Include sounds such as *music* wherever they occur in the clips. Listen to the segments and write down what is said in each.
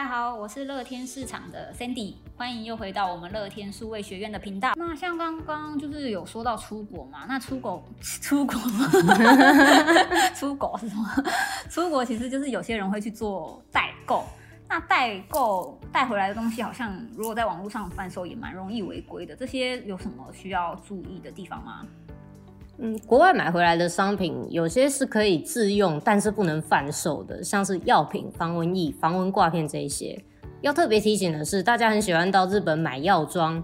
大家好，我是樂天市場的 Sandy，歡迎又回到我們樂天數位學院的頻道。那像剛剛就是有說到出國嘛，那出國出國， *laughs* 出國是什麼？出國其實就是有些人會去做代購。那代購帶回來的東西，好像如果在網絡上販售，也蠻容易違規的。這些有什麼需要注意的地方嗎？嗯，國外買回來的商品有些是可以自用，但是不能販售的，像是藥品、防蚊液、防蚊掛片這一些。要特別提醒的是，大家很喜歡到日本買藥妝，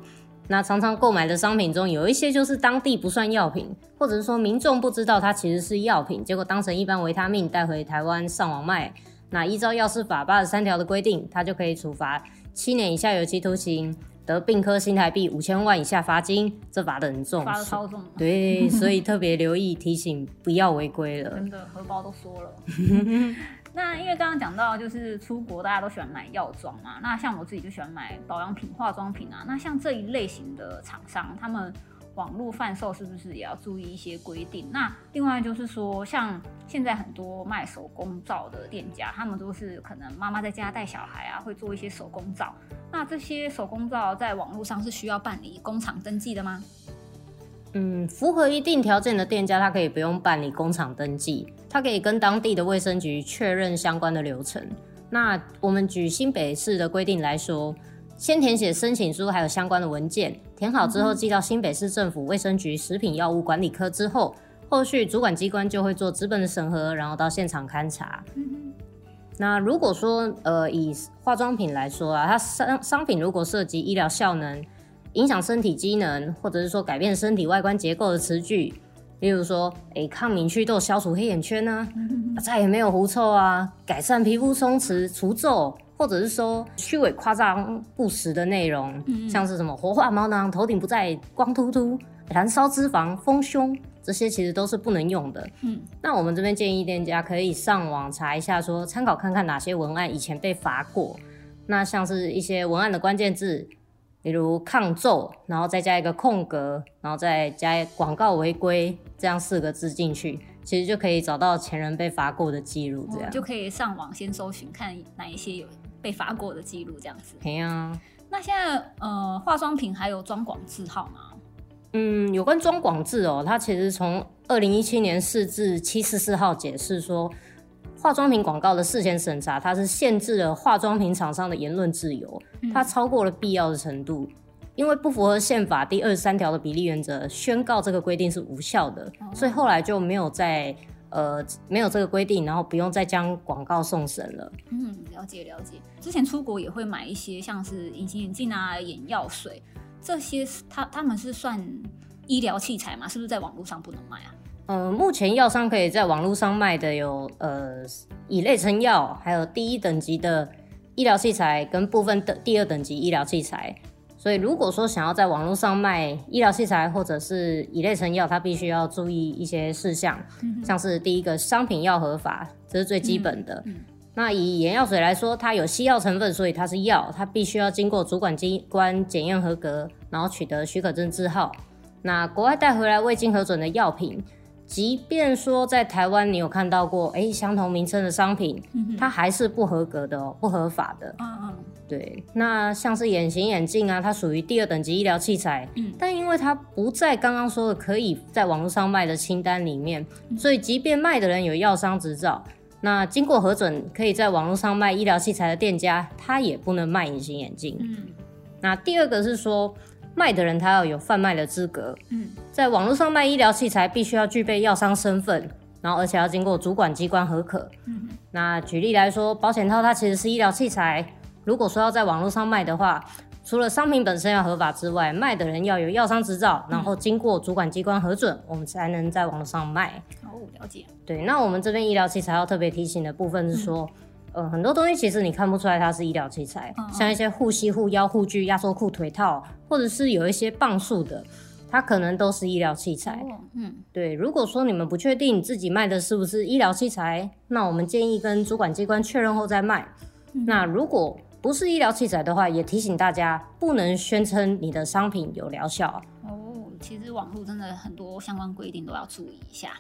那常常購買的商品中有一些就是當地不算藥品，或者是說民眾不知道它其實是藥品，結果當成一般維他命帶回台灣上網賣。那依照藥事法八十三條的規定，它就可以處罰七年以下有期徒刑。得病科新台幣五千萬以下罰金，這罰得很重，罰的超重啊。對，所以特別留意 *laughs* 提醒，不要違規了，真的荷包都縮了。 *laughs* 那因為剛剛講到，就是出國大家都喜歡買藥妝嘛，那像我自己就喜歡買保養品、化妝品啊。那像這一類型的廠商，他們網路販售是不是也要注意一些規定？那另外就是說，像現在很多賣手工皂的店家，他們都是可能媽媽在家帶小孩啊，會做一些手工皂。那這些手工皂在網絡上是需要辦理工廠登記的嗎？嗯，符合一定條件的店家，他可以不用辦理工廠登記，他可以跟當地的衛生局確認相關的流程。那我們舉新北市的規定來說，先填寫申請書，還有相關的文件，填好之後寄到新北市政府衛生局食品藥物管理科之後。後續主管機關就會做資本的審核，然後到現場勘查。嗯。那如果說呃，以化妝品來說啊，它，商商品如果涉及醫療效能、影響身體機能，或者是說改變身體外觀結構的詞句，例如說，哎、欸，抗敏祛痘、消除黑眼圈啊，嗯、再也沒有狐臭啊，改善皮膚鬆弛、除皺，或者是說虛偽誇張不實的內容、嗯，像是什麼活化毛囊、頭頂不再光禿禿、燃燒脂肪、豐胸。這些其實都是不能用的。嗯，那我們這邊建議店家可以上網查一下說，說參考看看哪些文案以前被罰過。那像是一些文案的關鍵字，比如抗皺，然後再加一個空格，然後再加廣告違規這樣四個字進去，其實就可以找到前人被罰過的記錄。這樣、哦、就可以上網先搜尋看哪一些有被罰過的記錄，這樣子。啊。那現在呃，化妝品還有妝廣字號嗎？嗯，有關莊廣智哦，他其實從二零一七年釋字七四四號解釋說，化妝品廣告的事先審查，它是限制了化妝品廠商的言論自由，它超過了必要的程度，嗯，因為不符合憲法第二十三條的比例原則，宣告這個規定是無效的，哦，所以後來就沒有再呃沒有這個規定，然後不用再將廣告送審了。嗯，了解了解。之前出國也會買一些像是隱形眼鏡啊、眼藥水。這些是他他們是算醫療器材嗎？是不是在網絡上不能賣啊？呃，目前藥商可以在網絡上賣的有呃乙類成藥，還有第一等級的醫療器材跟部分等第二等級醫療器材。所以如果說想要在網絡上賣醫療器材或者是乙類成藥，它必須要注意一些事項，嗯，像是第一個商品要合法，這是最基本的。嗯嗯那以眼藥水來說，它有西藥成分，所以它是藥，它必須要經過主管機關檢驗合格，然後取得許可證字號。那國外帶回來未經核准的藥品，即便說在台灣你有看到過，欸、相同名稱的商品，它還是不合格的哦，喔，不合法的、嗯。對，那像是隱形眼鏡啊，它屬於第二等級醫療器材、嗯，但因為它不在剛剛說的可以在網絡上賣的清單裡面，所以即便賣的人有藥商執照。那經過核准可以在網絡上賣醫療器材的店家，他也不能賣隱形眼鏡。嗯。那第二個是說，賣的人他要有販賣的資格。嗯。在網絡上賣醫療器材，必須要具備藥商身份，然後而且要經過主管機關核可。嗯。那舉例來說，保險套它其實是醫療器材，如果說要在網絡上賣的話，除了商品本身要合法之外，賣的人要有藥商執照，然後經過主管機關核准，我們才能在網絡上賣。嗯。了解，對，那我們這邊醫療器材要特別提醒的部分是說，嗯、呃，很多東西其實你看不出來它是醫療器材，哦哦像一些護膝、護腰、護具、壓縮褲、腿套，或者是有一些磅數的，它可能都是醫療器材哦哦。嗯，對，如果說你們不確定自己賣的是不是醫療器材，那我們建議跟主管機關確認後再賣。嗯、那如果不是醫療器材的話，也提醒大家不能宣稱你的商品有療效。其實網路真的很多相關規定都要注意一下。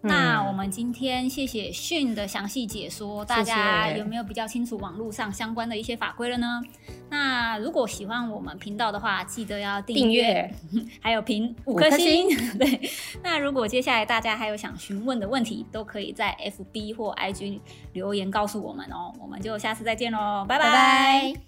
嗯，那我們今天謝謝訊的詳細解說，謝謝，大家有沒有比較清楚網絡上相關的一些法規了呢？那如果喜歡我們頻道的話，記得要訂閱，訂閱 *laughs* 還有評五顆星，星 *laughs* 對，那如果接下來大家還有想詢問的問題，都可以在 FB 或 IG 留言告訴我們哦。我們就下次再見嘍，拜拜。拜拜。